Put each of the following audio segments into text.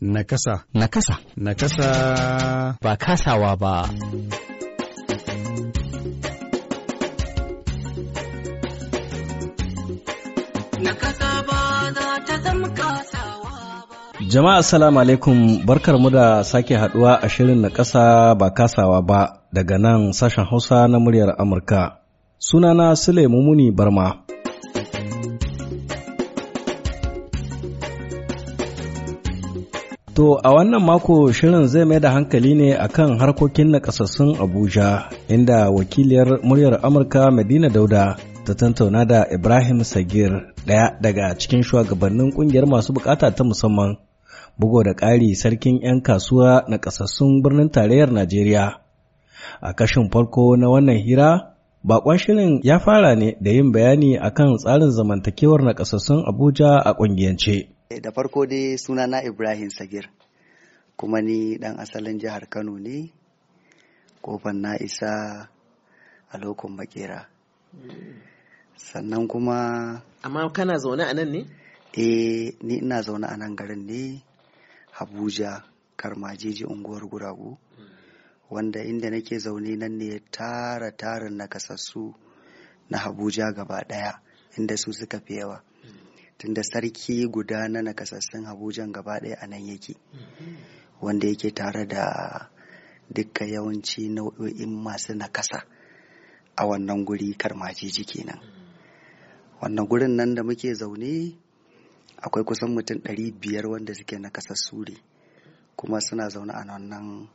Nakasa. Nakasa. Nakasa. Ba kasawa ba. Nakasa ba za ta zama kasawa ba. Jama'a salamu alaikum barkarmu da sake haduwa a shirin na ƙasa ba kasawa ba daga nan sashen Hausa na muryar Amurka. Sunana Sule Mumuni Barma. To a wannan mako shirin zai mai da hankali ne akan harkokin nakasassun Abuja inda wakiliyar muryar Amurka Madina Dauda ta tantauna da Ibrahim Sagir ɗaya daga cikin shugabannin ƙungiyar masu bukata ta musamman bugo da ƙari sarkin 'yan kasuwa na kasassun birnin tarayyar Najeriya. A kashin farko na wannan hira, bakon shirin ya fara ne da yin bayani akan tsarin zamantakewar na Abuja a ƙungiyance. Eh, da farko dai sunana Ibrahim Sagir, kuma ni ɗan asalin jihar Kano ne, kofan na isa a lokacin makera. Sannan kuma... Amma kana zaune a nan ne? Eh, ni ina zaune a nan garin ne, Abuja, Karmajeji, unguwar Guragu, wanda inda nake zaune nan ne tara tarin nakasassu na Abuja gaba ɗaya, inda su suka fi yawa. tunda sarki guda na nakasassun Abujan gaba ɗaya a nan yake mm-hmm. wanda yake tare da duka yawanci nau'o'in masu nakasa a wannan guri karmajiji kenan mm-hmm. wannan gurin nan da muke zaune akwai kusan mutum ɗari biyar wanda suke nakasassu ne kuma suna zaune a wannan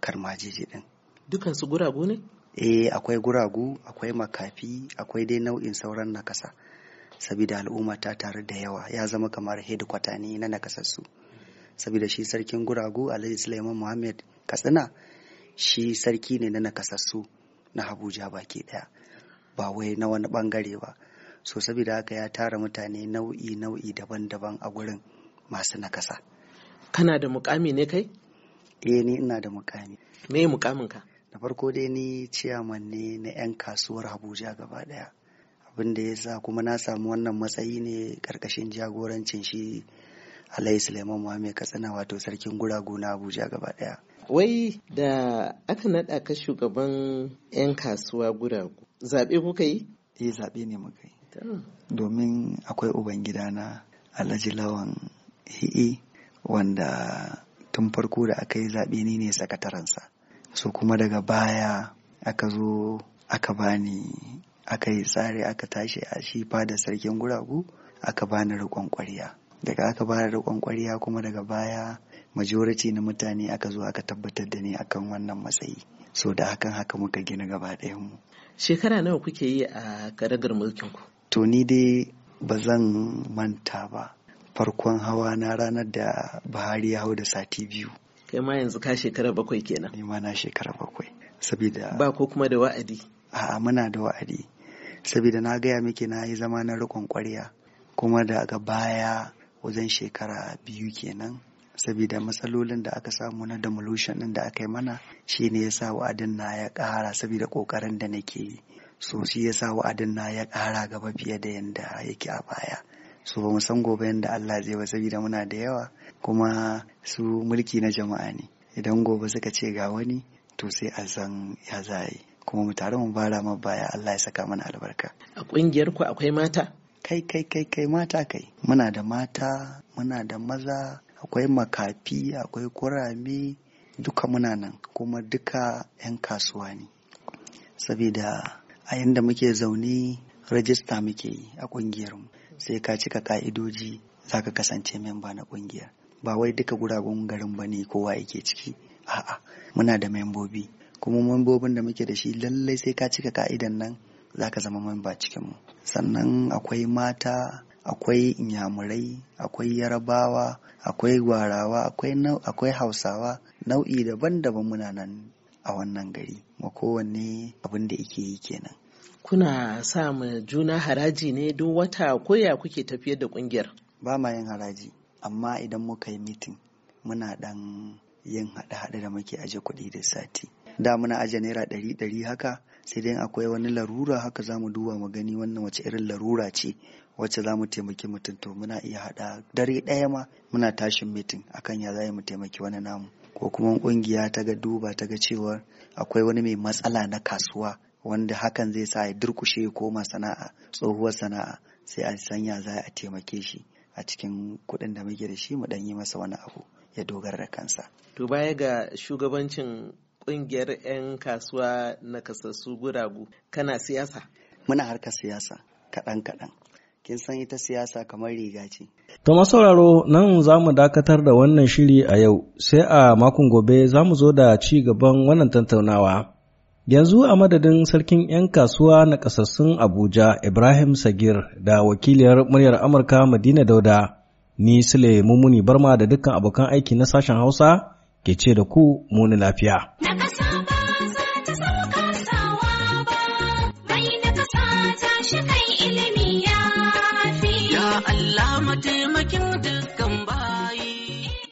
karmajiji din. dukansu guragu ne eh akwai guragu akwai makafi akwai dai nau'in sauran nakasa Sabida al'umma ta taru da yawa ya zama kamar hedikwata ne na nakasassu Sabida shi sarkin guragu alhaji sulaiman muhammad katsina shi sarki ne na nakasassu na habuja baki daya ba wai na wani bangare ba so sabida haka ya tara mutane nau'i nau'i daban-daban a gurin masu nakasa kana da mukami ne kai eh ni ina da mukami me mukamin ka da farko dai ni ciyaman ne na 'yan kasuwar habuja gaba daya abin da ya sa kuma na samu wannan matsayi ne karkashin jagorancin shi Alayhi Suleiman muhammed Katsina wato sarkin guragu na Abuja gaba daya. Wai da aka naɗa ka shugaban 'yan kasuwa guragu, zaɓe kuka yi? Eh zaɓe ne muka yi. Domin akwai Ubangida na Alhaji Lawan Hi'i wanda tun farko da aka yi zaɓe ni ne sakatarensa. So kuma daga baya aka zo aka bani aka yi tsari aka tashi a shi fada sarkin guragu aka bani rikon kwarya daga aka bani rikon kwarya kuma daga baya majority na mutane aka zo aka tabbatar da ni akan wannan matsayi so da hakan haka muka gina gaba ɗayan mu shekara nawa kuke yi a karagar mulkin ku to ni dai ba zan manta ba farkon hawa na ranar da Buhari ya hau da sati biyu kai ma yanzu ka shekara bakwai kenan ni ma na shekara bakwai saboda ba ko kuma da wa'adi a'a muna da wa'adi saboda na gaya miki na yi zama na rikon kwarya kuma daga baya wajen shekara biyu kenan saboda matsalolin da aka samu na demolition ɗin da aka yi mana shi ne ya sa wa'adin na ya ƙara saboda ƙoƙarin da nake yi so shi ya sa wa'adin na ya ƙara gaba fiye da yadda yake a baya so ba san gobe yadda Allah zai ba saboda muna da yawa kuma su mulki na jama'a ne idan gobe suka ce ga wani to sai a san ya za yi kuma mu tare mu bara ma baya Allah ya saka mana albarka a kungiyar ku akwai mata kai kai kai kai mata kai muna da mata muna da maza akwai makafi akwai kurami, duka muna nan kuma duka 'yan kasuwa ne saboda a yadda muke zaune rajista muke yi a ƙungiyarmu sai ka cika ka'idoji za ka kasance memba na ƙungiyar ba wai duka guragun garin ba ne kowa yake ciki a'a muna da membobi kuma mambobin da muke da shi lallai sai ka cika ka'idan nan za ka zama mamba cikinmu sannan akwai mata akwai inyamurai akwai yarabawa akwai gwarawa akwai hausawa nau'i daban-daban muna nan a wannan gari ma kowanne abin da yake yi kenan kuna sa mu juna haraji ne duk wata koya kuke tafiyar da kungiyar ba ma yin haraji amma idan muka yi mitin muna dan yin haɗe-haɗe da muke aje kuɗi da sati da muna ajiye naira ɗari ɗari haka sai dai akwai wani larura haka za mu duba mu gani wannan wace irin larura ce wacce za mu taimaki mutum to muna iya haɗa dare ɗaya ma muna tashin mitin akan ya za mu taimaki wani namu ko kuma ƙungiya ta ga duba ta ga cewa akwai wani mai matsala na kasuwa wanda hakan zai sa ya durkushe ya koma sana'a tsohuwar sana'a sai a sanya za a taimake shi a cikin kuɗin da muke da shi mu ɗan yi masa wani abu ya dogara da kansa. To baya ga shugabancin kungiyar 'yan kasuwa na kasassu guragu kana siyasa muna harkar siyasa kaɗan kaɗan kin san ita siyasa kamar riga ce to masauraro nan za mu dakatar da wannan shiri a yau sai a makon gobe za mu zo da ci gaban wannan tattaunawa yanzu a madadin sarkin 'yan kasuwa na kasassun abuja ibrahim sagir da wakiliyar muryar amurka madina dauda ni sule mummuni barma da dukkan abokan aiki na sashen hausa ke ce da ku muni lafiya.